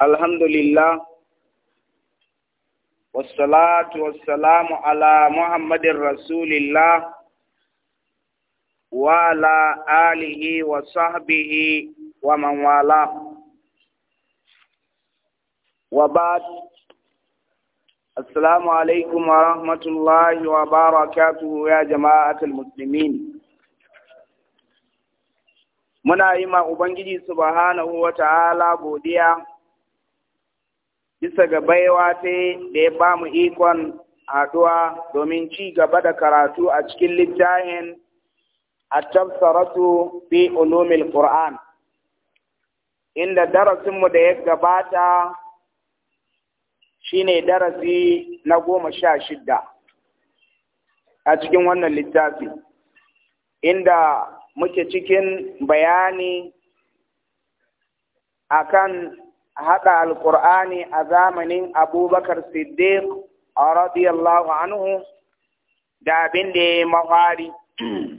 alhamdulillah wassalatu wassalamu ala muhammadin rasulillah wa ala alihi wa sahbihi wa man wala wa ba'd alaikum wa rahmatullahi wa barakatuhu ya jama'atul muslimin muna yi ma ubangiji subhanahu wa ta'ala godiya bisa ga baiwa ta da ya ba mu ikon haɗuwa domin ci gaba da karatu a cikin littafin a tafsaratu fi ulumil qur'an inda darasinmu da ya gabata shine darasi na goma sha shidda a cikin wannan littafi inda muke cikin bayani akan haɗa alƙur'ani a zamanin abubakar siddiq radiyallahu anhu da abin da ya mahari,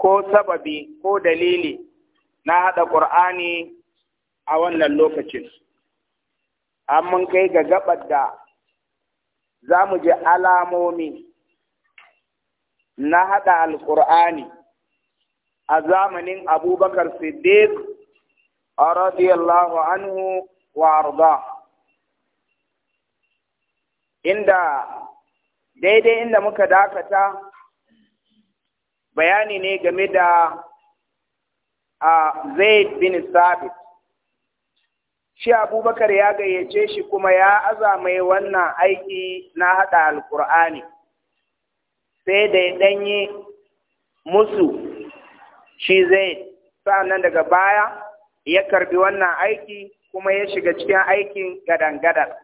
ko sababi ko dalili na haɗa ƙur'ani a wannan lokacin an mun kai ga gabar da za mu ji alamomi na haɗa alƙur'ani a zamanin abubakar siddiq رضي الله عنه وارضاه عند daidai inda muka dakata bayani ne game da a zaid bin sabit shi abubakar ya gayyace shi kuma ya aza mai wannan aiki na haɗa alkur'ani sai da ya ɗanyi musu shi zaid nan daga baya ya karbi wannan aiki kuma ya shiga cikin aikin gadangadar.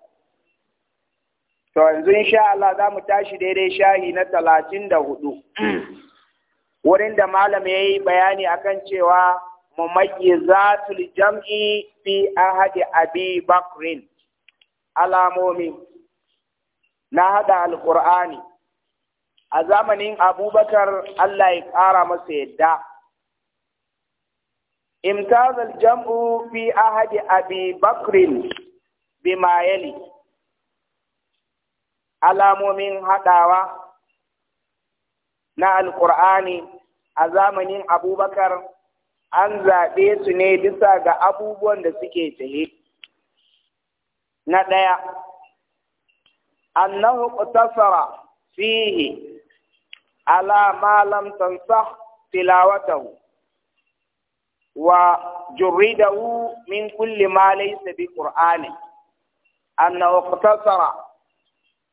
To yanzu insha Allah za mu tashi daidai shahi na talatin da hudu. Wurin da malam ya yi bayani akan cewa mumayyizatul jam'i fi ahadi abi bakrin alamomi na hada Alƙur'ani. a zamanin abubakar Allah ya ƙara masa yadda. امتاز الجمع في أحد أبي بكر بما يلي alamomin haɗawa na alƙur'ani a zamanin abubakar an zaɓe su ne bisa ga abubuwan da suke tsaye na ɗaya annahu qtasara fihi ala ma tansah tilawatahu Wa juridawu min kulle malayansu bi'a Al-ƙur'ani. Annan wakassara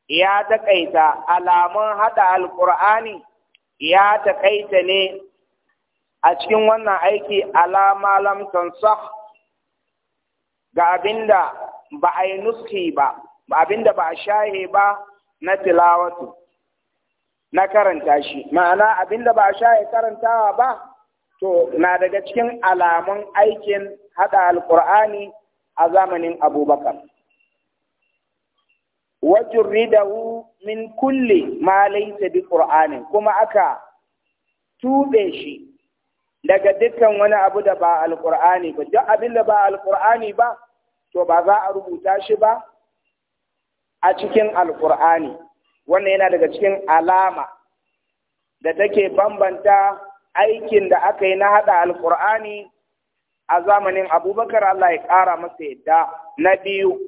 ya daƙaiza alamun haɗa Al-ƙur'ani ya taƙaita ne a cikin wannan aiki ala malamtansa ga abinda ba a yi nuski ba, abinda ba a ba na filawatu, na karanta shi. Ma'ana abinda ba a karantawa ba. to na daga cikin alamun aikin hada alqur'ani a zamanin abubakar wajen ridahu min kulle ma laysa bi qur'anin kuma aka tube shi daga dukkan wani abu da ba alqur'ani ba duk abin da ba alqur'ani ba to ba za a rubuta shi ba a cikin alqur'ani wannan yana daga cikin alama da take bambanta aikin da aka yi na haɗa alƙur'ani a zamanin abubakar Allah ya ƙara masa yadda na biyu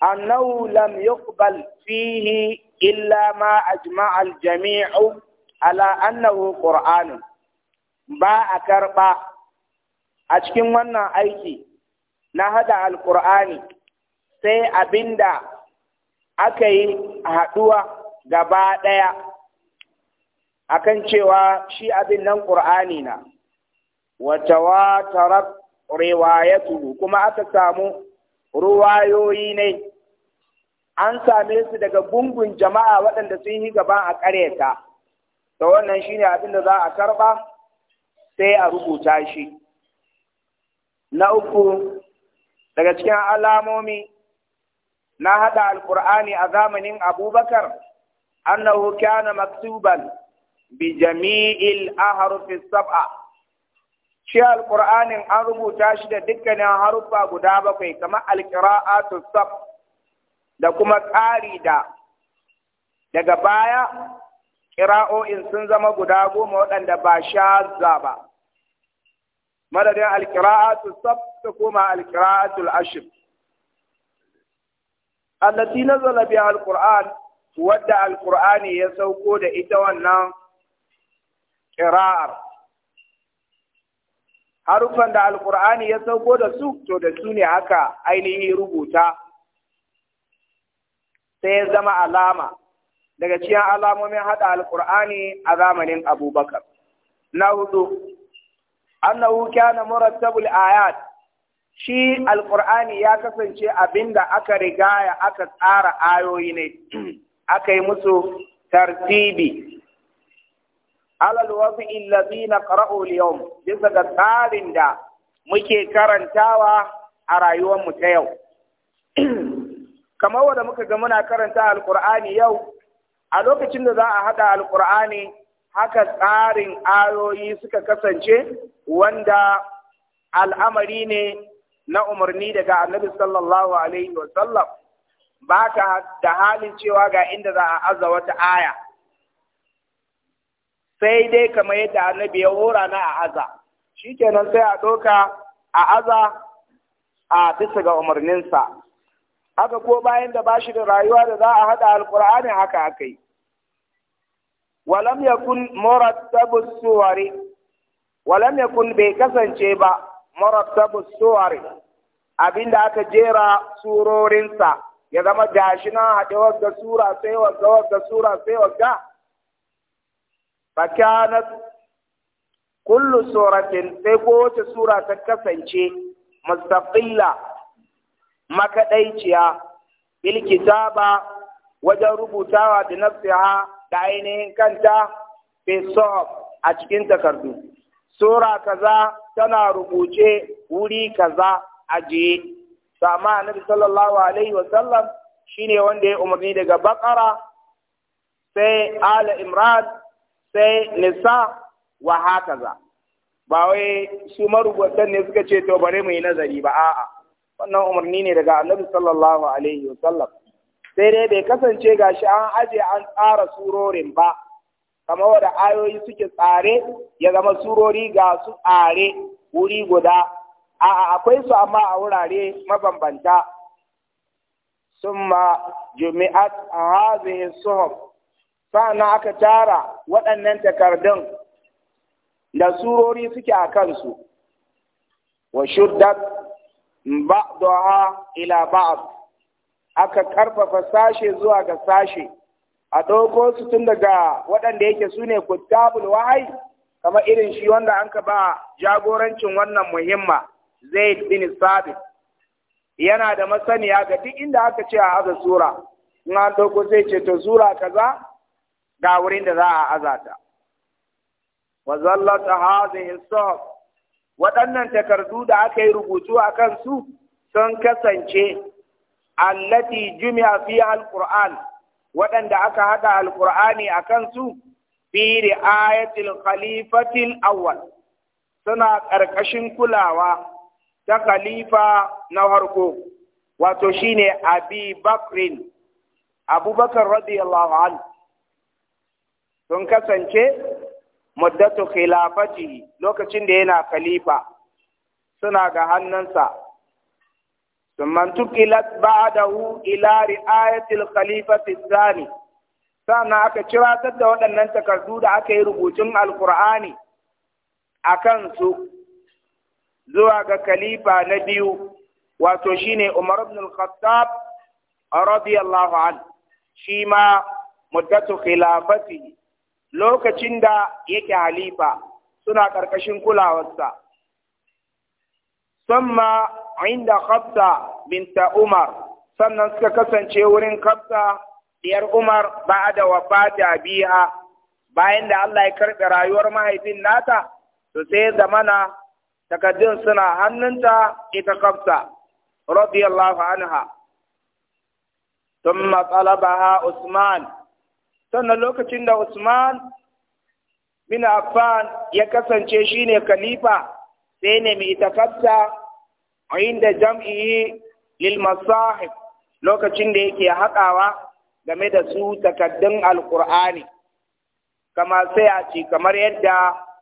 annahu lam yuqbal fihi illa ma ajma'a al-jami'u ala annahu ƙur'ani. ba a karɓa a cikin wannan aiki na hada Alƙur'ani sai abinda aka yi haɗuwa gaba ɗaya akan cewa shi abin nan ƙur'ani na wata watarar riwayatu kuma aka samu ruwayoyi ne an same su daga gungun jama'a waɗanda sun yi gaban a ƙareta to wannan shine abin da za a karɓa sai a rubuta shi na uku daga cikin alamomi na haɗa alƙur'ani a zamanin abubakar annahu kana maktuban bi jami'il aharufi sab'a shi alƙur'anin an rubuta shi da dukkanin haruffa guda bakwai kamar alƙira'atu sab da kuma ƙari da daga baya ƙira'o'in sun zama guda goma waɗanda ba shazza ba madadin alƙira'atu sab ta koma alƙira'atul ashir allati nazala biha alquran wadda alqur'ani ya sauko da ita wannan ƙira'ar harufan da alkur'ani ya sauko da su to da su ne aka ainihin rubuta sai ya zama alama daga cikin alamomin haɗa alkur'ani a zamanin abubakar na hudu annahu kana murattabul ayat shi alkur'ani ya kasance abinda aka rigaya aka tsara ayoyi ne aka yi musu tartibi alal wasi illazi na ƙara'u yawm bisa ga tsarin da muke karantawa a rayuwar ta yau kamar wanda muka ga muna karanta Alƙur'ani yau a lokacin da za a haɗa Alƙur'ani, haka tsarin ayoyi suka kasance wanda al'amari ne na umarni daga annabi sallallahu alaihi wa sallam ba ka da halin cewa ga inda za a aza wata aya sai dai kamar yadda annabi ya hora na a aza Shi kenan sai a ɗauka a aza a bisa ga umarninsa haka ko bayan da ba shi da rayuwa da za a haɗa alkur'ani haka aka yi walam yakun murattabu suwari walam kun bai kasance ba murattabu suwari abinda aka jera surorinsa ya zama gashi na haɗe sura sai wagga sura sai fakanat kullu suratin sai kowace sura ta kasance mustaqilla makaɗaiciya bil kitaba wajen rubutawa da nafsiha da ainihin kanta fi a cikin takardu sura kaza tana rubuce wuri kaza ajiye sama annabi sallallahu alaihi wa sallam shine wanda ya umarni daga bakara sai ala sai nisa wa za ba wai su marubutan ne suka ce to bare mu yi nazari ba a'a wannan umarni ne daga annabi sallallahu alaihi wa sallam sai dai bai kasance gashi an aje an tsara surorin ba kamar wada ayoyi suke tsare ya zama surori ga su tsare wuri guda a'a akwai su amma a wurare mabambanta summa jumi'at hadhihi suhuf sa'annan aka tara waɗannan takardun da surori suke a kansu wa shuddat ba'daha ila ba'd aka ƙarfafa sashe zuwa ga sashe a ɗauko su tun daga waɗanda yake su ne kuttabul wahai kamar irin shi wanda an ka ba jagorancin wannan muhimma zaid bin sabit yana da masaniya ga duk inda aka ce a haza sura in an ɗauko zai ce ta sura kaza ga wurin da za azata wa zallat hadhihi waɗannan takardu da aka yi rubutu a kansu sun kasance allati jumi'a fi alquran waɗanda aka haɗa alqur'ani a kansu fi ri'ayatil khalifatil awwal suna ƙarƙashin kulawa ta khalifa na harko wato shine abi bakrin abubakar radiyallahu anhu sun kasance muddatu khilafati lokacin da yana khalifa suna ga hannunsa thumma tuqilat ba'dahu ila ri'ayati al-khalifati thani sana aka ciratar da waɗannan takardu da aka yi rubutun alkur'ani a kansu zuwa ga khalifa na biyu wato shine Umar ibn al-Khattab radiyallahu an shi ma muddatu khilafati lokacin da yake halifa suna ƙarƙashin kulawarsa. Samma inda Hafsa binta Umar, sannan suka kasance wurin Hafsa diyar Umar ba da wafata biya bayan da Allah ya karɓi rayuwar mahaifin nata, to sai zamana takaddun suna hannunta ita Hafsa, radiyallahu anha. Tumma talabaha Usman. sannan lokacin da Usman bin Affan ya kasance shine khalifa sai ne mai a inda jam'i lil masahib lokacin da yake haƙawa game da su takaddun alqur'ani kama sai a ci kamar yadda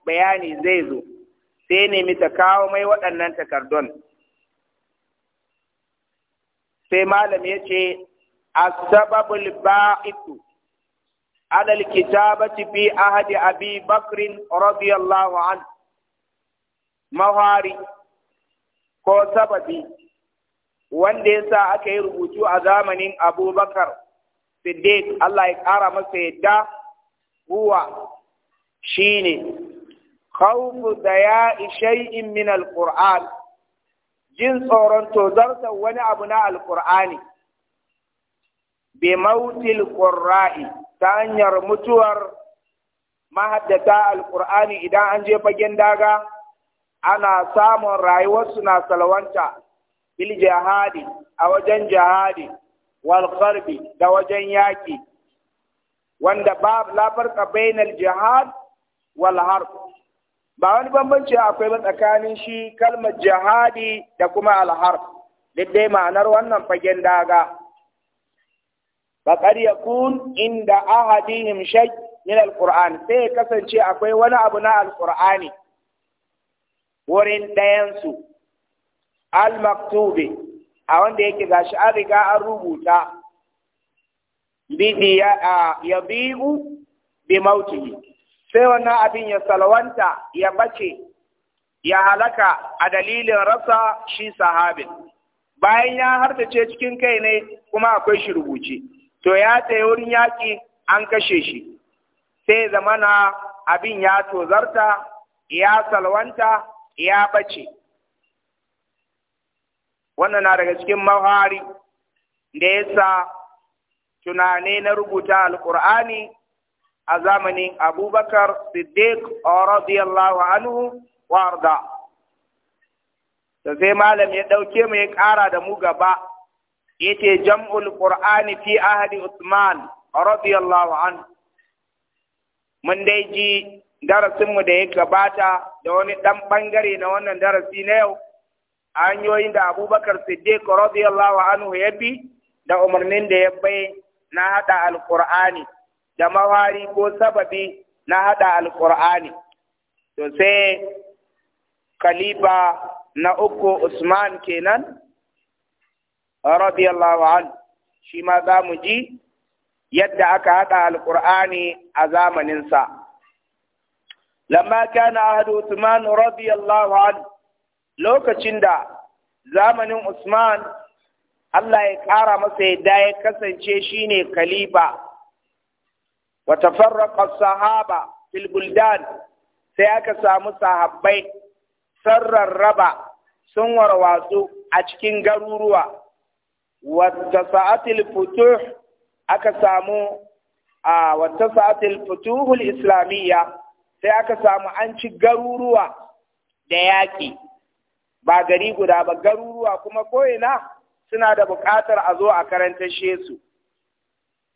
bayani zai zo sai ne ta kawo mai waɗannan takardun sai malam ya ce ba'itu على الكتابة في عهد أبي بكر رضي الله عنه mawari ko sababi wanda ya sa aka yi rubutu a zamanin abubakar siddiq Allah ya ƙara masa yadda huwa shi ne khawfu da ya shay'in min alƙur'an jin tsoron tozarta wani abu na alƙur'ani bi mautil qurra'i ta hanyar mutuwar mahaddata alkur'ani idan an je fagen daga ana samun rayuwarsu na salwanta bil jihadi a wajen jihadi wal da wajen yaki wanda babu farka bainal jihad wal harb ba wani bambanci akwai ba tsakanin shi kalmar jihadi da kuma al harb dai ma'anar wannan fagen daga faƙar ya kun inda ahadihim shai min alƙur'an sai ya kasance akwai wani abu na alƙur'ani wurin ɗayansu al-maktubi a wanda yake gashi an riga an rubuta ya biyu bi mautihi sai wannan abin ya salwanta ya bace ya halaka a dalilin rasa shi sahabin bayan ya hardace cikin kai ne kuma akwai shi rubuce. to ya tsaye wurin yaƙi an kashe shi sai zamana abin ya tozarta ya salwanta ya bace wannan na daga cikin mahari da ya sa tunane na rubuta Alƙur'ani a zamanin abubakar siddiq radiyallahu anhu warda da sai malam ya ɗauke mu ya ƙara da mu gaba yace jam'ul qur'ani fi ahadi usman radiyallahu anhu mun dai ji darasin mu da ya gabata da wani dan bangare na wannan darasi na yau hanyoyin da abubakar siddiq radiyallahu anhu ya bi da umarnin da ya bai na hada alqur'ani da mawari ko sababi na hada alqur'ani to sai khalifa na uku usman kenan radiyallahu an shi ma za mu ji yadda aka haɗa alƙur'ani a zamaninsa lamma na ahadu Usman radiyallahu an lokacin da zamanin Usman Allah ya ƙara masa yadda ya kasance shine khalifa wa tafarraqa sahaba fil buldan sai aka samu sahabbai sarrarraba sun warwatsu a cikin garuruwa wata sa'atil futuh aka samu a wata sa'atil futuhul islamiyya sai aka samu an ci garuruwa da yaƙi ba gari guda ba garuruwa kuma ko'ina suna da buƙatar a zo a karanta shesu.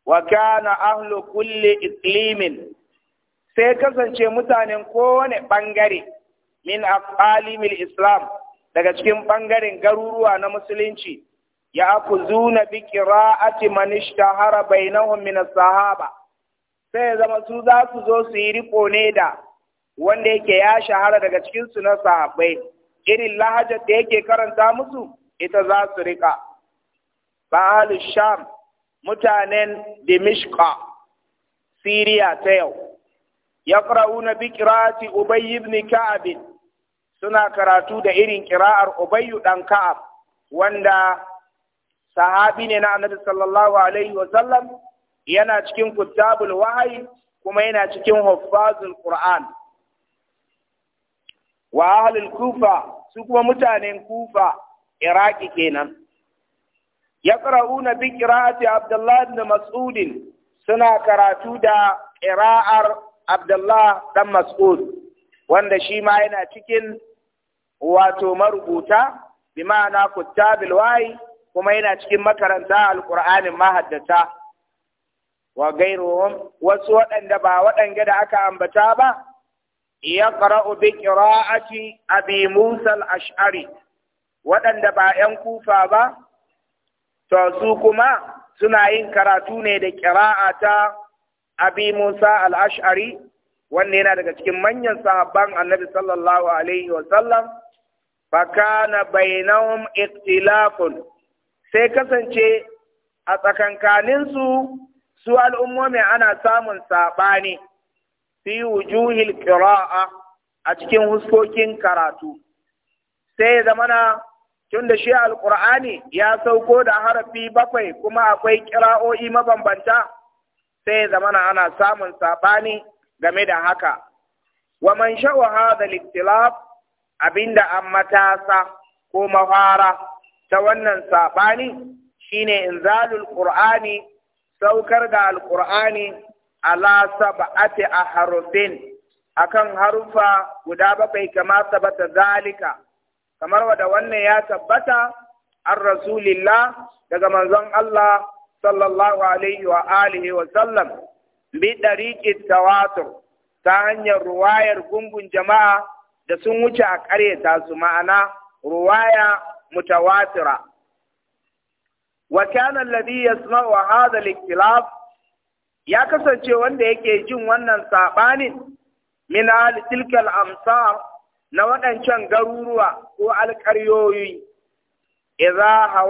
wa kana ahlu kulli iqlimin sai kasance mutanen kowane ɓangare min aqalimil islam daga cikin ɓangaren garuruwa na musulunci zuna bi qira'ati man ishtahara bainahum min as-sahaba sai ya zama su za su zo su yi riko ne da wanda yake ya shahara daga cikin su na sahabbai irin lahajar da yake karanta musu ita za su rika ba sham mutanen dimishka siriya ta yau Ya yaqra'una bi qira'ati ubay ibn ka'ab suna karatu da irin kira'ar ubayyu dan ka'ab wanda sahabi ne na annabi sallallahu alaihi wa sallam yana cikin kuttabul wahayi kuma yana cikin huffazul qur'an wa ahlul kufa su kuma mutanen kufa iraki kenan yaqra'una bi qira'ati abdullah ibn mas'ud suna karatu da qira'ar abdullah dan mas'ud wanda shi ma yana cikin wato marubuta bi ma'ana kuttabil wahayi kuma yana cikin makaranta alkur'ani mahaddata wa gairuhum wasu waɗanda ba waɗanda da aka ambata ba ya ƙara'u bi ƙira'ati abi musa ashari waɗanda ba ‘yan kufa ba to su kuma suna yin karatu ne da ƙira'a ta abi musa al'ashari wanda yana daga cikin manyan sahabban annabi sallallahu alaihi wasallam fakana bainahum ikhtilafun sai kasance a tsakankaninsu su al'ummomi ana samun saɓani fi wujuhil ƙira'a a cikin huskokin karatu sai zamana tun da shi alƙur'ani ya sauko da harafi bakwai kuma akwai ƙira'o'i mabambanta sai zamana ana samun saɓani game da haka wa man sha'u hadha al abinda an matasa ko mahara ta wannan saɓani shine inzalul qur'ani saukar da alqur'ani ala harufin a akan harufa guda bakwai kama sabata zalika kamar wada wannan ya tabbata an rasulillah daga manzon Allah sallallahu alaihi wa alihi wa sallam bi tawatur ta hanyar ruwayar gungun jama'a da sun wuce a ƙaryata su ma'ana ruwaya متواترة وكان الذي يسمع هذا الاختلاف ya kasance wanda yake jin wannan saɓanin min tilkal amsar na waɗancan garuruwa ko alƙaryoyi idza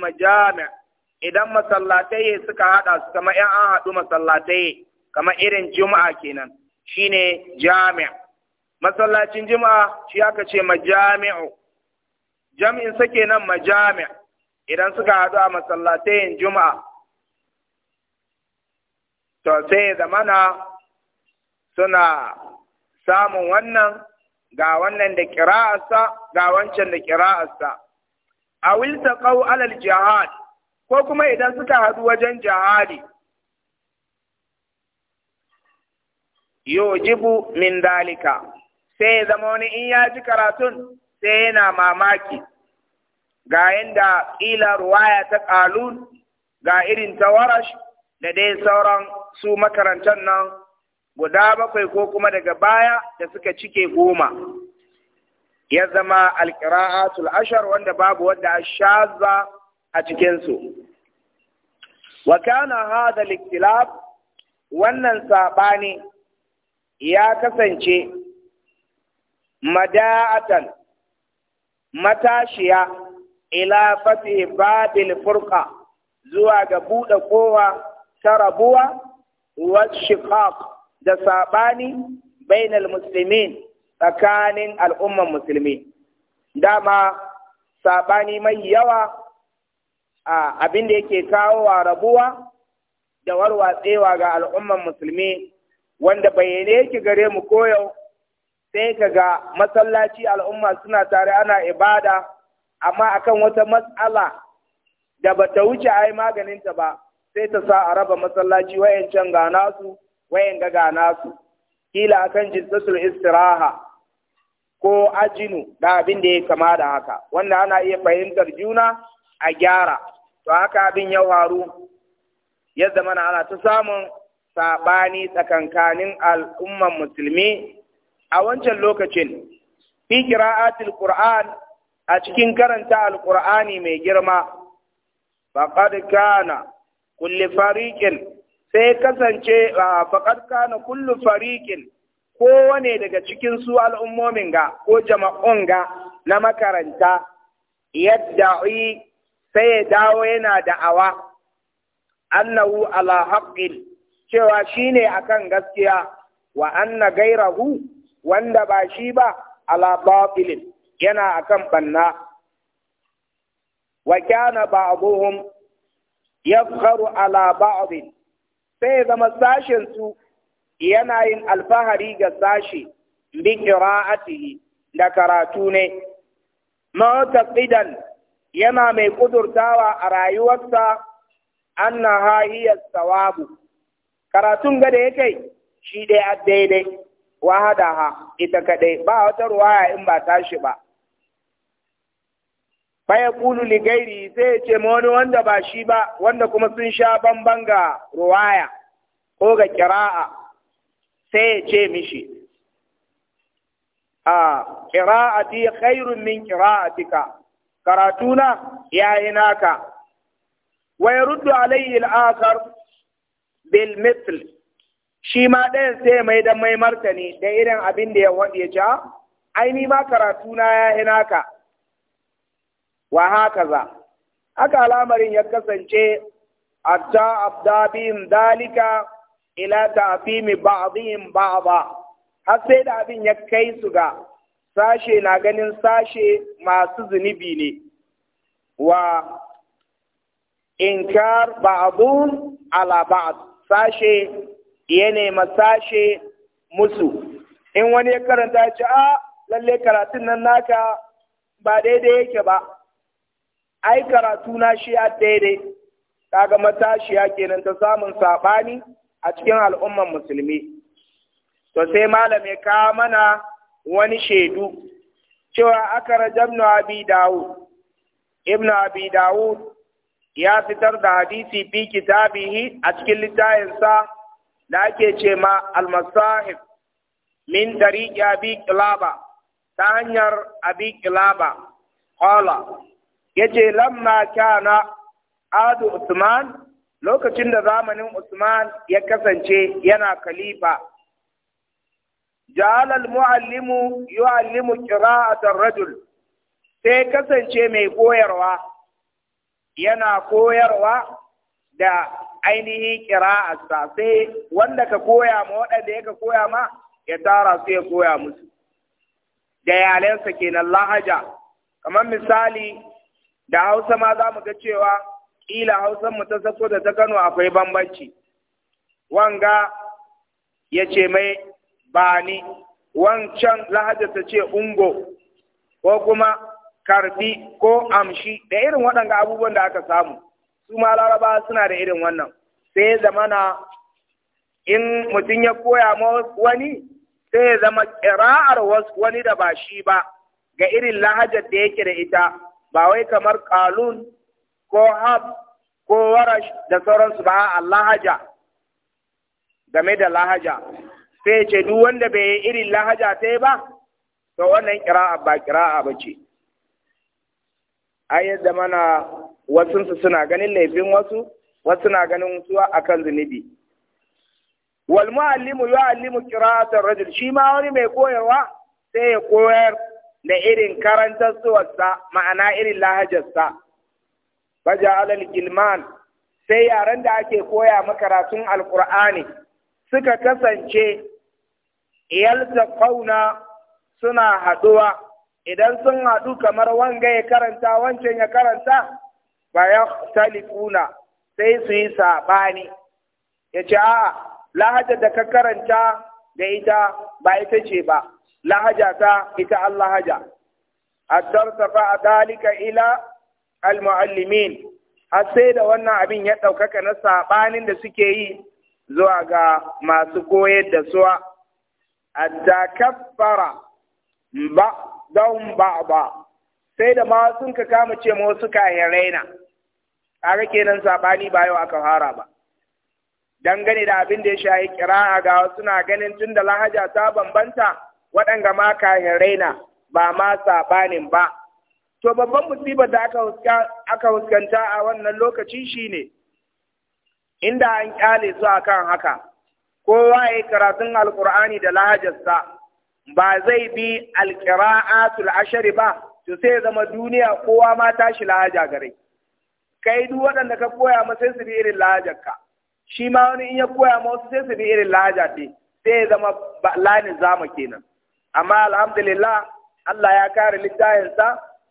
majami idan masallatai suka haɗa su kamar yan an haɗu masallatai kamar irin juma'a kenan shine jami' masallacin juma'a shi aka ce majami'u jami'in sa kenan majami idan suka haɗu a masallatayin juma'a to sai zamana suna samun wannan ga wannan da kira'arsa ga wancan da kira'arsa a wilta ƙau alal jihad ko kuma idan suka haɗu wajen jihadi yujibu min dalika sai ya zama wani in ya ji karatun sai yana mamaki ga yadda ƙila ruwaya ta ƙalun ga irin ta warash da dai sauran su makarantar nan guda bakwai ko kuma daga baya da suka cike goma ya zama alƙira'atul ashar wanda babu wadda shaza a cikinsu wa kana hada liktilaf wannan saɓani ya kasance mada'atan matashiya ila fati babil furqa zuwa ga buɗe kowa ta rabuwa wa shiqaq da sabani bainal muslimin tsakanin al'umman musulmi dama sabani mai yawa a abin da yake kawo rabuwa da warwatsewa ga al'umman musulmi wanda bayyane yake gare mu koyau sai ka ga masallaci al'umma suna tare ana ibada amma akan wata matsala da ba ta wuce ai ta ba sai ta sa a raba masallaci wayancan ga nasu wayan ga ga nasu kila akan jinsatul istiraha ko ajinu da abin da ya kama da haka wanda ana iya fahimtar juna a gyara to haka abin ya faru yadda mana ana ta samun saɓani tsakankanin al'umman musulmi a wancan lokacin fi qira'atil qur'an a cikin karanta alkur'ani mai girma faqad kana kulli fariqin sai kasance faqad kana kullu fariqin wane daga cikin su al'ummomin ga ko jama'un ga na makaranta yadda sai ya dawo yana da'awa annahu ala haqqin cewa shine akan gaskiya wa anna gairahu wanda ba shi ba ala babilin yana akan banna wa kana ba'dhum yafkharu ala ba'd sai zama sashen su yana yin alfahari ga sashi bi qira'atihi da karatu ne mu'taqidan yana mai kudurtawa a rayuwarsa annaha hiya sawabu karatun ga da yake shi dai a daidai wahadaha ita kadai ba wata ruwaya in ba tashi ba faya kulu ligairi sai ya ce ma wani wanda ba shi ba wanda kuma sun sha bamban ga ruwaya ko ga kira'a sai ya ce mishi a kira'ati khairun min kira'atika karatuna yayi naka wa ruddu alayhi al'akar bil mithl shi ma ɗayan sai mai dan mai martani da irin abin da ya wadi ya ja ai ni ma karatuna yayi naka wa hakaza haka al'amarin ya kasance hatta abdabin dalika ila ta'fimi ba'dihim ba'da har sai da abin ya kai su ga sashe na ganin sashe masu zunubi ne wa inkar ba'dun ala ba'd sashe ya nema sashe musu in wani ya karanta ci a ah, lalle karatun nan naka ba daidai yake ba ai karatu na shi a daidai kaga matashiya kenan ta samun saɓani a cikin al'umman musulmi to sai malam ya kawo mana wani shaidu cewa aka na abi dawud ibnu abi dawud ya fitar da hadisi fi kitabihi a cikin littayinsa da ake ce ma al-masahib min tariqi abi kilaba ta hanyar abi kilaba qala yace lamma kana adu usman lokacin da zamanin usman ya kasance yana khalifa ja'ala al-muallimu yu'allimu qira'at ar-rajul sai kasance mai koyarwa yana koyarwa da ainihin ƙira'arsa sai wanda ka koya ma waɗanda ya ka koya ma ya tara su ya koya musu da yalensa kenan lahaja kamar misali da hausa ma za mu ga cewa ƙila hausan mu ta sako da ta kano akwai bambanci wanga ya ce mai bani wancan lahaja ta ce ungo ko kuma karfi ko amshi da irin waɗanda abubuwan da aka samu su ma laraba suna da irin wannan sai zamana in mutum ya koya ma wani sai ya zama ƙira'ar wani da ba shi ba ga irin lahajar da yake da ita ba wai kamar qalun ko hab ko warash da sauransu ba a lahaja game da lahaja sai ce duk wanda bai yi irin lahaja sai ba to wannan kira'a ba kira'a ba ce ai yadda mana wasunsu suna ganin laifin wasu wasu suna ganin su kan zunubi wal muallimu yu'allimu qira'atar rajul shi ma wani mai koyarwa sai ya koyar da irin karantar suwarsa ma'ana irin lahajarsa baja alal gilman sai yaren da ake koya makaratun alkur'ani suka kasance ƙauna suna haɗuwa idan sun haɗu kamar wanga ya karanta wancan ya karanta ba ya talifuna sai su yi saɓani ya ce a'a lahajar da ka karanta da ita ba ita ce ba lahaja ta ita Allah haja addarsa fa dalika ila almuallimin har sai da wannan abin ya ɗaukaka na sabanin da suke yi zuwa ga masu koyar da suwa hatta kaffara ba don ba ba sai da ma sun ka kama ce ma wasu kahirai raina. kaga kenan saɓani ba yau aka fara ba dangane da abin da ya shahi kira'a ga suna ganin tun da lahaja ta bambanta waɗanga ma kahin raina ba ma sabanin ba. To babban musibar da aka huskanta a wannan lokaci shine inda an kyale su a kan haka, kowa ya yi karatun alkur'ani da lahajarsa ba zai bi alkira'atul ashari ba, to sai zama duniya kowa ma tashi lahaja gare. Kai duk waɗanda ka koya ma sai su bi irin lahajarka, shi ma wani in ya koya ma wasu sai su bi irin lahaja ɗin, sai zama lanin zama kenan. amma alhamdulillah Allah ya kare littafinsa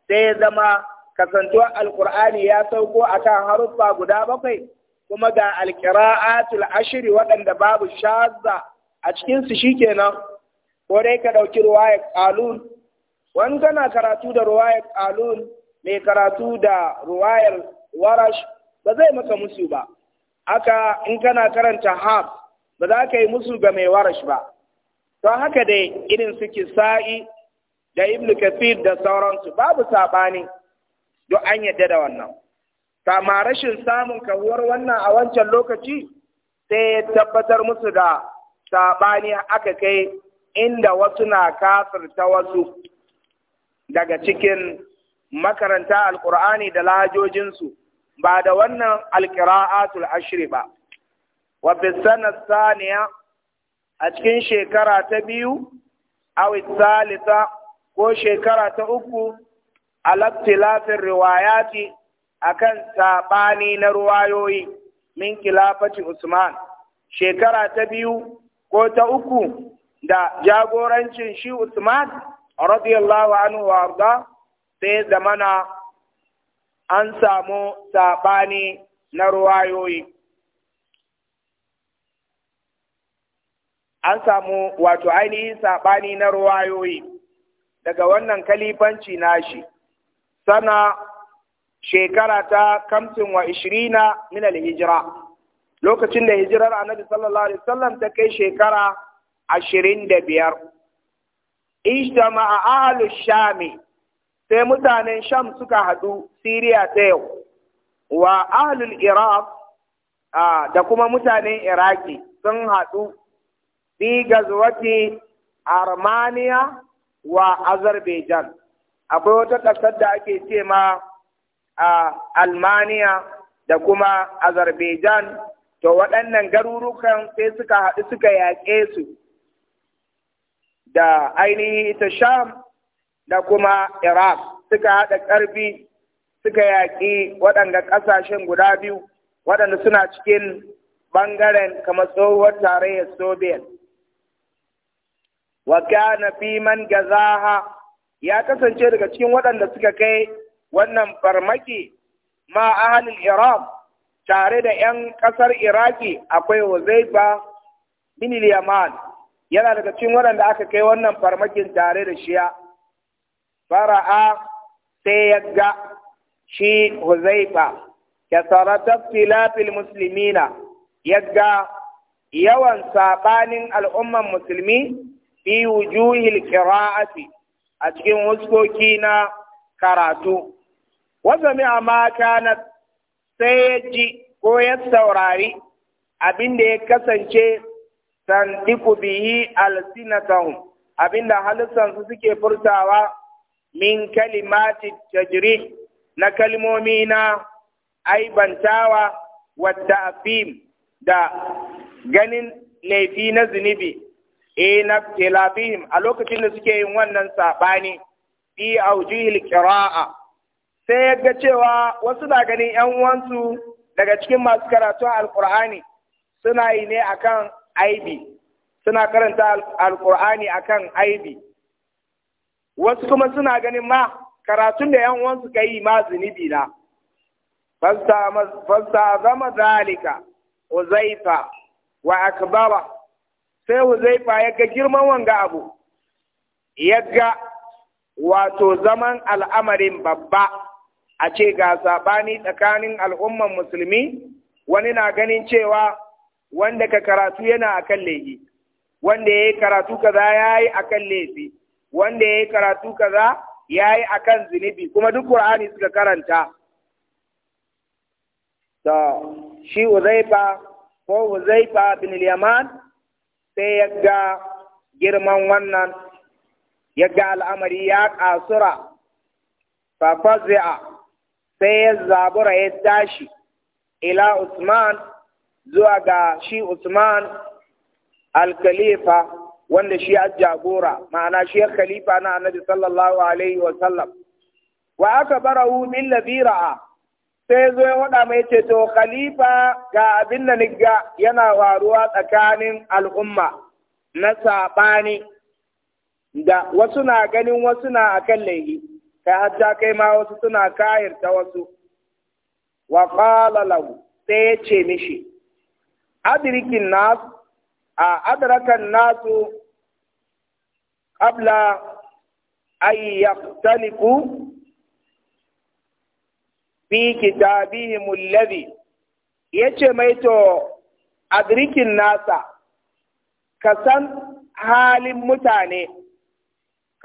sai ya zama kasantuwa alkur'ani ya sauko akan haruffa guda bakwai kuma ga alkira'atul ashiri waɗanda babu shaza a cikinsu shikenan ko dai ka ɗauki ruwayar ƙalun wani gana karatu da ruwayar ƙalun mai karatu da ruwayar warash ba zai maka musu ba aka in kana karanta haf ba za ka yi musu ga mai warash ba to haka dai irin su kisa'i da ibnu kafir da sauransu babu saɓani don an yadda da wannan kama rashin samun kawuwar wannan a wancan lokaci sai ya tabbatar musu da saɓani aka kai inda wasu na ta wasu daga cikin makaranta alkur'ani da lahajojinsu ba da wannan alkira'atul ashiri ba wa bisanar saniya a cikin shekara ta biyu awit salisa ko shekara ta uku alabtilafin riwayati akan saɓani na ruwayoyi min kilafati Usman shekara ta biyu ko ta uku da jagorancin shi Usman radiyallahu anhu wa arda sai zamana an samu saɓani na ruwayoyi. an samu wato ainihin saɓani na ruwayoyi daga wannan kalifanci nashi sana shekara ta kamsin wa ishirina min hijira lokacin da hijirar annabi sallallahu alaihi wasallam ta kai shekara ashirin da biyar ijtama ahalu shami sai mutanen sham suka haɗu siriya ta yau wa ahalul iraq da kuma mutanen iraki sun haɗu fi gazwati armaniya wa azerbaijan akwai wata ƙasar da ake ce a almaniya da kuma azerbaijan to waɗannan garurukan sai suka haɗu suka yaƙe su da ainihin ita sham da kuma iraq suka haɗa ƙarfi suka yaƙi waɗanda ƙasashen guda biyu waɗanda suna cikin ɓangaren kamar tsohuwar tarayyar soviet wa kana fi man gazaha ya kasance daga cikin waɗanda suka kai wannan farmaki ma ahalin Iraq tare da 'yan ƙasar Iraki akwai Huzaifa bin Yaman yana daga cikin waɗanda aka kai wannan farmakin tare da shiya fara'a sai ya ga shi Huzaifa ya sarata filafil musulmina ya ga yawan saɓanin al'umman musulmi fi wujuhil qira'ati a cikin huskoki na karatu wa sami'a ma kanat sai ya ko ya saurari abinda ya kasance sandiku bihi alsinatahum Abinda da su suke furtawa min kalimati tajri na kalmomi na aibantawa wa ta'fim da ganin laifi na zunubi ina khilafihim a lokacin da suke yin wannan sabani bi aujihil qira'a sai ga cewa wasu na ganin yan wansu daga cikin masu karatu alqur'ani suna yi ne akan aibi suna karanta alqur'ani akan aibi wasu kuma suna ganin ma karatun da yan wansu kai ma zunubi na fasta zama zalika uzaifa wa akbara sai huzaifa ya ga girman wanga abu ya ga wato zaman al'amarin babba a ce ga sabani tsakanin al'umman musulmi wani na ganin cewa wanda ka karatu yana a kan laifi wanda ya yi karatu kaza ya yi a kan laifi wanda ya yi karatu kaza ya yi a kan zunubi kuma duk ƙur'ani suka karanta shi Huzaifa ko Huzaifa bin yaman sai ya ga girman wannan ya ga al'amari ya ƙasura fafazi'a sai ya zabura ya tashi ila Usman zuwa ga shi Usman al-Khalifa wanda shi ya jagora ma'ana shi khalifa na annabi sallallahu alaihi wa sallam wa aka barahu min labira'a sai zo ya waɗa mai ce to khalifa ga abin da niga yana waruwa tsakanin al'umma na saɓani da wasu na ganin wasu na akan laifi kai hajja kai ma wasu suna kayarta wasu wa qala lahu sai ya ce mishi adrikin nas a adrakan nasu qabla ay yaxtaliku fi kitabihim alladhi yace mai to adrikin nasa ka san halin mutane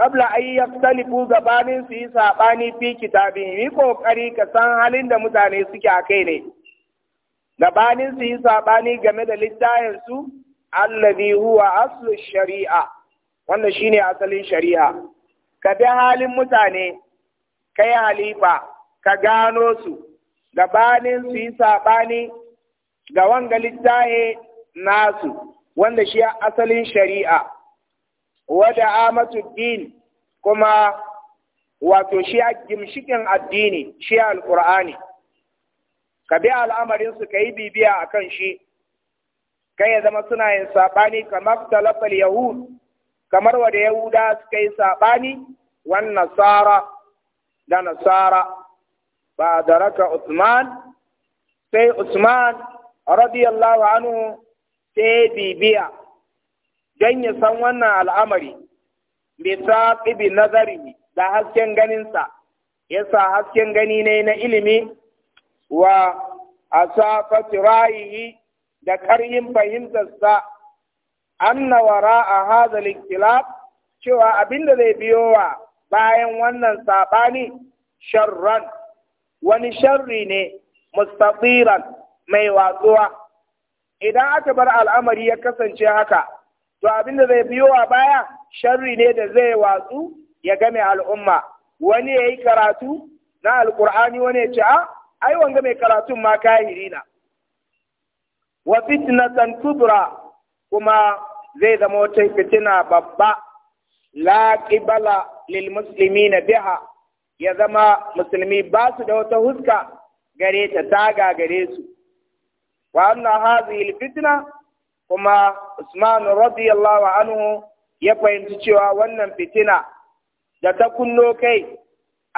kabla ay yaktalifu gabanin su yi sabani fi kitabihi yi kokari ka san halin da mutane suke a kai ne gabanin su yi sabani game da littafin su allazi huwa aslu shari'a wannan shine asalin shari'a ka bi halin mutane kai halifa ka gano su gabanin su yi saɓani ga wanga littahi nasu wanda shi asalin shari'a wada din kuma wato shi a gimshikin addini shi alƙur'ani ka bi al'amarinsu ka yi bibiya a kan shi kai ya zama suna yin saɓani kamar talafal yahud kamar wada yahuda suka yi saɓani wannan nasara da nasara ba da raka Usman sai Usman radiyallahu anhu sai bibiya don ya san wannan al'amari bisa ƙibi nazari da hasken ganinsa yasa hasken gani ne na ilimi wa asafati rayihi da ƙarhin fahimtarsa anna wara'a a al kilab cewa abinda zai biyo wa bayan wannan saɓani ran. wani sharri ne mustatsiran mai watsuwa idan aka bar al'amari ya kasance haka to abin da zai biyo a baya sharri ne da zai watsu ya game al'umma wani ya yi karatu na alkur'ani wani ya ce a ah, ai wanga mai karatun ma kahiri na wa fitnatan kubra kuma zai zama wata fitina babba la lil lil na biha ya zama musulmi ba su da wata huska gare ta taga gare su wa anna hadhihi fitna kuma Usman radiyallahu anhu ya fahimci cewa wannan fitina da ta kunno kai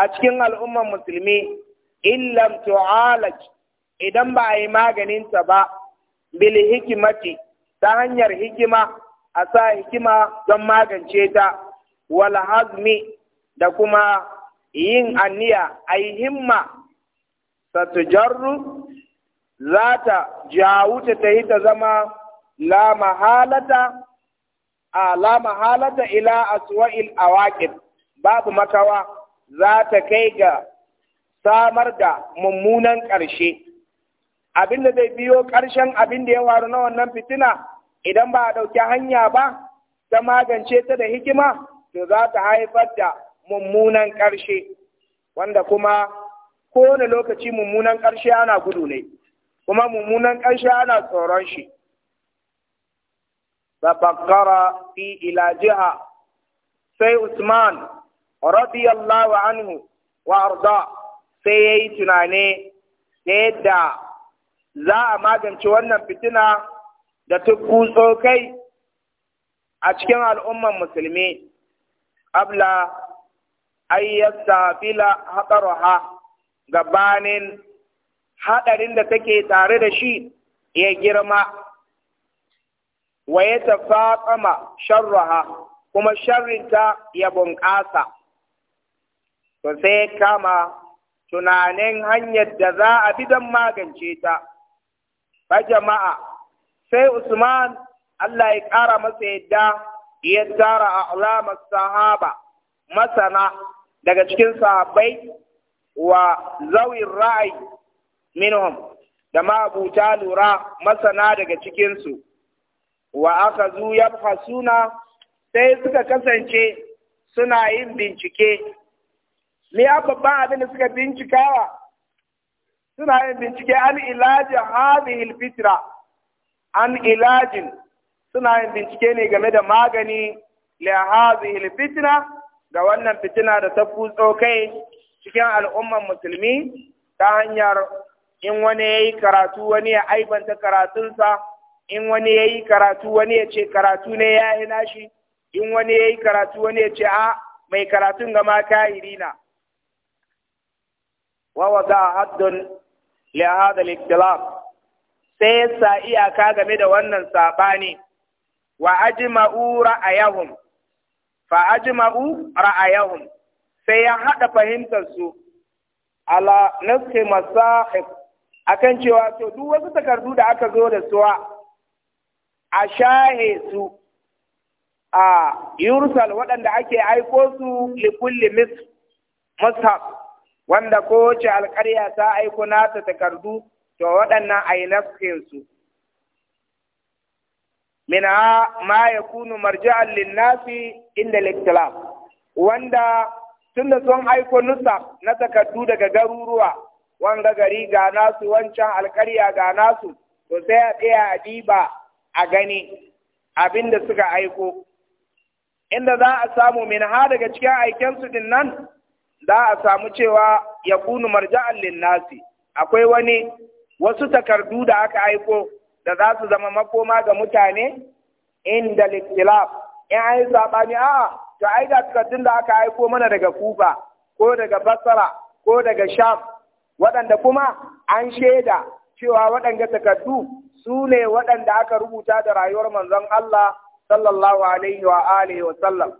a cikin al'ummar musulmi illam tu'alaj idan ba a yi maganinta ba bil hikimati ta hanyar hikima a sa hikima don magance ta wal hazmi da kuma yin aniya ai himma satujarru za ta jawuce ta yi ta zama la mahalata a la mahalata ila aswa'il awaqib babu makawa za ta kai ga samar da mummunan ƙarshe abin da zai biyo ƙarshen abin da ya waru na wannan fitina idan ba a ɗauki hanya ba ta magance ta da hikima to za ta haifar da mummunan ƙarshe wanda kuma kowane lokaci mummunan ƙarshe ana gudu ne kuma mummunan ƙarshe ana tsoron shi tafakkara fi ila jiha sai Usman radiyallahu anhu wa arda sai ya yi tunane da yadda za a magance wannan fitina da tukutsokai a cikin al'umman musulmi abla ay yastafila hataraha gabanin hadarin da take tare da shi ya girma wa ya tafaqama sharraha kuma sharrinta ya bunƙasa to sai kama tunanin hanyar da za a bi don magance ta ba jama'a sai Usman Allah ya ƙara masa yadda ya tara a alamar sahaba masana daga cikin sahabbai wa zawin ra'ayi minhum da ma'abuta lura masana daga cikinsu wa aka zu yabhasuna sai suka kasance suna yin bincike me ya babban abin da suka bincikawa suna yin bincike an ilajin hadhihi fitra an ilajin suna yin bincike ne game da magani li hadhihi alfitra da wannan fitina da ta kutso kai cikin al'umman musulmi ta hanyar in wani ya yi karatu wani ya aibanta karatunsa in wani ya yi karatu wani ya ce karatu ne ya yi nashi in wani ya yi karatu wani ya ce a mai karatun gama kahiri na wawaza haddun li hada al-ikhtilaf sai sa iyaka game da wannan sabani wa a yahun fa ajma'u ra'ayahum sai ya hada fahimtar su ala nafsi masahib akan cewa to duk wasu takardu da aka zo da su a shahe su a yursal waɗanda ake aiko su likulli mis mushaf wanda ce alƙarya ta aiko nata takardu to waɗannan a yi su minha ma kunu marja'an lin-nasi inda al wanda tunda sun aiko nusa na takardu daga garuruwa wanga gari ga nasu wancan alkarya ga nasu to sai a tsaya a diba a gani abinda suka aiko inda za a samu min ha daga cikin aikensu din nan za a samu cewa ya kunu marja'an linnasi akwai wani wasu takardu da aka aiko da za su zama makoma ga mutane inda liktilaf in an yi saɓani a'a to ai ga takardun da aka aiko mana daga kufa ko daga basara, ko daga sham waɗanda kuma an shaida cewa waɗanda takardu su ne waɗanda aka rubuta da rayuwar manzon Allah sallallahu alaihi wa alihi wa sallam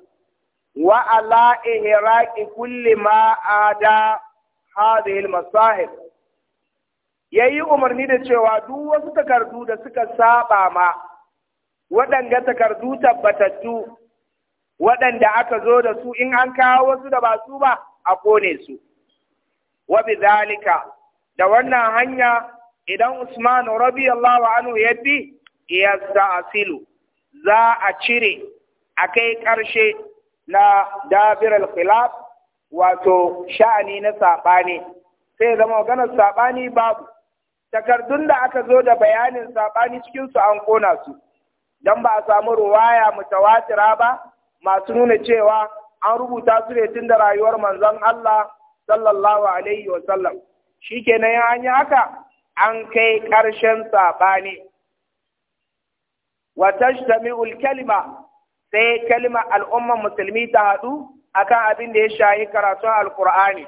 wa ala ihraqi kulli ma ada hadhihi ya yi umarni da cewa duk wasu takardu da suka saba ma waɗanda takardu tabbatattu waɗanda aka zo da su in an kawo wasu da ba su ba a kone su wa zalika da wannan hanya idan Usman radiyallahu anhu ya bi ya asilu za a cire a kai ƙarshe na dabiral khilaf wato sha'ani na saɓani sai zama maganar saɓani babu takardun da aka zo da bayanin saɓani cikinsu an kona su don ba a samu ruwaya mutawatira ba masu nuna cewa an rubuta su ne tun da rayuwar manzon Allah sallallahu alaihi wa sallam shikenan ya an yi haka an kai ƙarshen saɓani wa jami'ul kalima sai kalma al'ummar musulmi ta haɗu akan abin da ya shayi karatun alkur'ani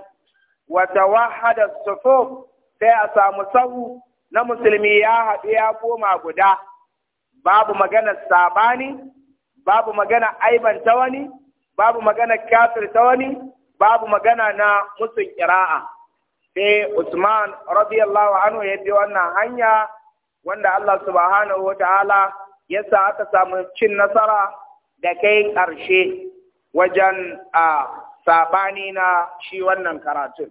wa tawahhada sufuf sai a samu sahu na musulmi ya haɗu ya koma guda babu magana sabani babu magana ta wani babu magana ta wani babu magana na musun kira'a sai Usman radiyallahu anhu ya bi wannan hanya wanda Allah subhanahu wa ta'ala ya sa aka samu cin nasara da kai ƙarshe wajen a sabani na shi wannan karatun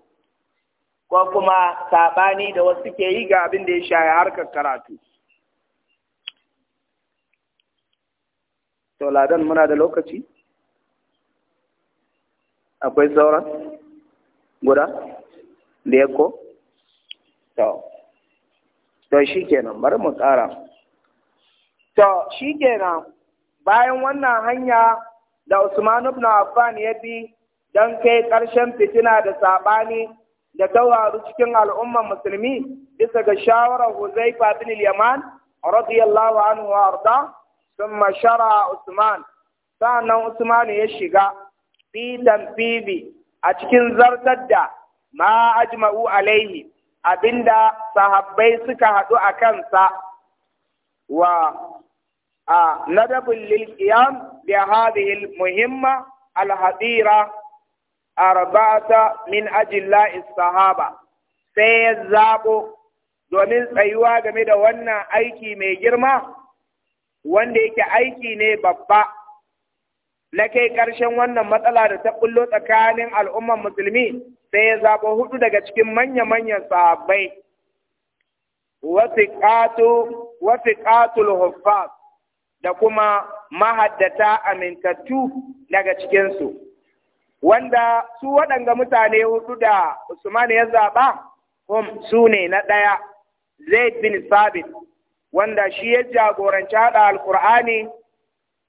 ko kuma saɓani da wasu ke yi ga abin da ya shaye harkar karatu. Tauladan muna da lokaci? Akwai sauran? Guda? Da ya ko? To, to shi kenan, bari mu tsara. To, shi kenan, bayan wannan hanya da Usman ibn Affan ya bi don kai ƙarshen fitina da saɓani da tauraru cikin al'umman musulmi bisa ga shawarar Huzaifa bin Yaman radiyallahu anhu wa arda thumma shara Usman sannan Usman ya shiga fi tanfibi a cikin zartar da ma ajma'u alaihi abinda sahabbai suka haɗu a kansa wa a nadabul lil qiyam bi hadhihi al muhimma al hadira arba'ata min ajilla sahaba sai ya zaɓo domin tsayuwa game da wannan aiki mai girma wanda yake aiki ne babba na kai ƙarshen wannan matsala da ta ɓullo tsakanin al'ummar musulmi sai ya zaɓo hudu daga cikin manya-manyan sahabbai wasu ƙatul huffaz da kuma mahaddata amintattu daga cikinsu. wanda su waɗanga mutane hudu da Usman ya zaɓa hum su ne na ɗaya Zaid bin Sabit wanda shi ya jagoranci haɗa qurani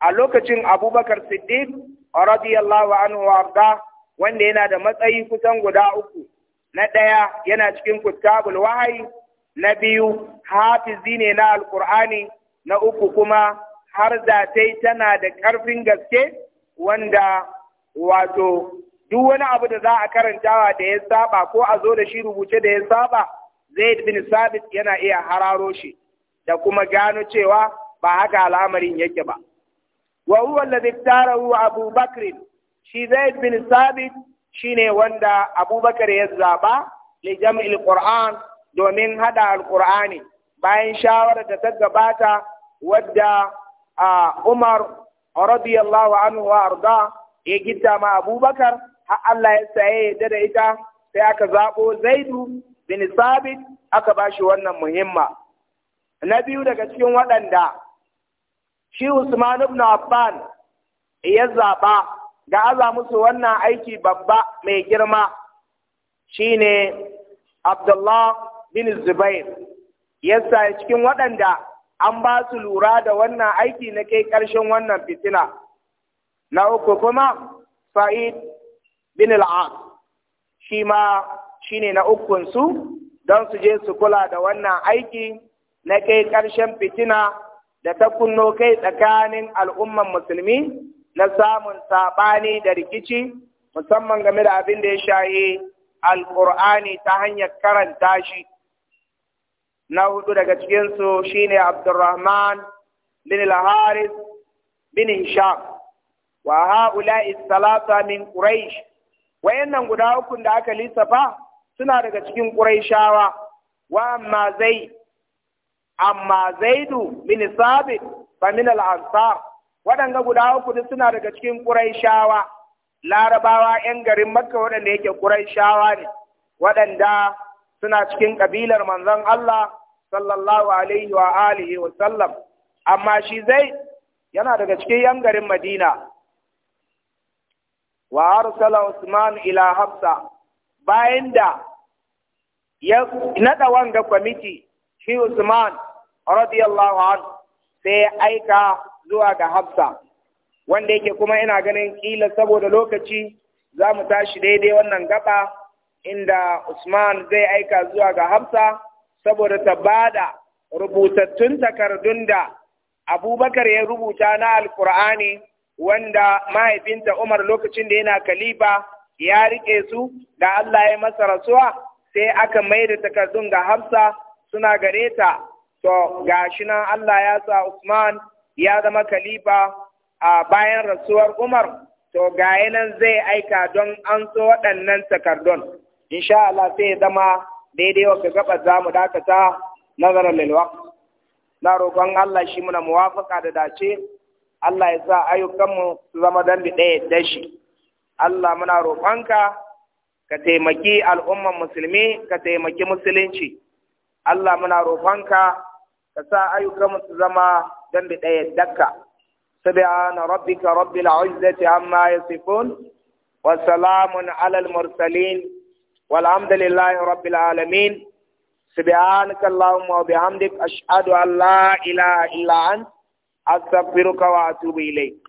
a lokacin Abubakar Siddiq radiyallahu anhu warda wanda yana da matsayi kusan guda uku na ɗaya yana cikin kutabul wahayi na biyu hafizi ne na Al-Qur'ani na uku kuma har da zatai tana da ƙarfin gaske wanda wato duk wani abu da za a karantawa da ya saba ko a zo da shi rubuce da ya saba zaid bin sabit yana iya hararo shi da kuma gano cewa ba haka al'amarin yake ba wa huwa alladhi tarahu abu bakr shi zaid bin sabit shine wanda abubakar ya zaba li jam'il qur'an domin hada al-qur'ani bayan shawarar da ta gabata wadda umar radiyallahu anhu wa arda ya gidda ma abubakar har Allah ya saye yadda da ita sai aka zaɓo zaidu bin sabit aka ba shi wannan muhimma na biyu daga cikin waɗanda shi usman ibn affan ya zaɓa ga aza musu wannan aiki babba mai girma shine abdullah bin zubair yasa cikin waɗanda an ba su lura da wannan aiki na kai ƙarshen wannan fitina na uku kuma sa'id bin al'ad shi ma shi ne na ukunsu don su je su kula da wannan aiki na kai ƙarshen fitina da ta kunno kai tsakanin al'umman musulmi na samun saɓani da rikici musamman game da abin da ya shahi alƙur'ani ta hanyar karanta shi na hudu daga cikinsu shine abdurrahman bin al bin hisham wa haula salasa min quraish wayannan guda uku da aka lissafa suna daga cikin quraishawa wa amma zai, amma zaidu min sabit fa min al ansar guda uku suna daga cikin quraishawa larabawa yan garin makka waɗanda yake quraishawa ne waɗanda suna cikin kabilar manzon Allah sallallahu alaihi wa alihi wa sallam amma shi zai yana daga cikin yan garin Madina wa arsala Usman ila Hafsa bayan da ya nada wanga kwamiti shi Usman radiyallahu an sai ya aika zuwa ga Hafsa wanda yake kuma ina ganin kila saboda lokaci za mu tashi daidai wannan gaba inda Usman zai aika zuwa ga Hafsa saboda ta bada rubutattun takardun da Abubakar ya rubuta na Alkur'ani wanda mahaifinta Umar lokacin da yana kalifa ya rike su da Allah ya masa rasuwa sai aka mai da takardun ga Hafsa suna gare ta to shi nan Allah ya sa Usman ya zama kalifa a bayan rasuwar Umar to ga nan zai aika don an so waɗannan takardun insha Allah sai ya zama daidai wa ka gaba za mu dakata nazarin lilwa na roƙon Allah shi muna muwafaka da dace Allah ya sa ayyukanmu su zama dambi ɗaya da shi Allah muna roƙonka ka taimaki al'umman musulmi ka taimaki musulunci Allah muna roƙonka ka sa ayyukanmu su zama dambi ɗaya dakka سبحان ربك رب العزة عما يصفون وسلام على المرسلين والحمد لله رب العالمين سبحانك اللهم وبحمدك أشهد أن لا إله إلا أنت अस्तफिरुका व अतूबु इलैक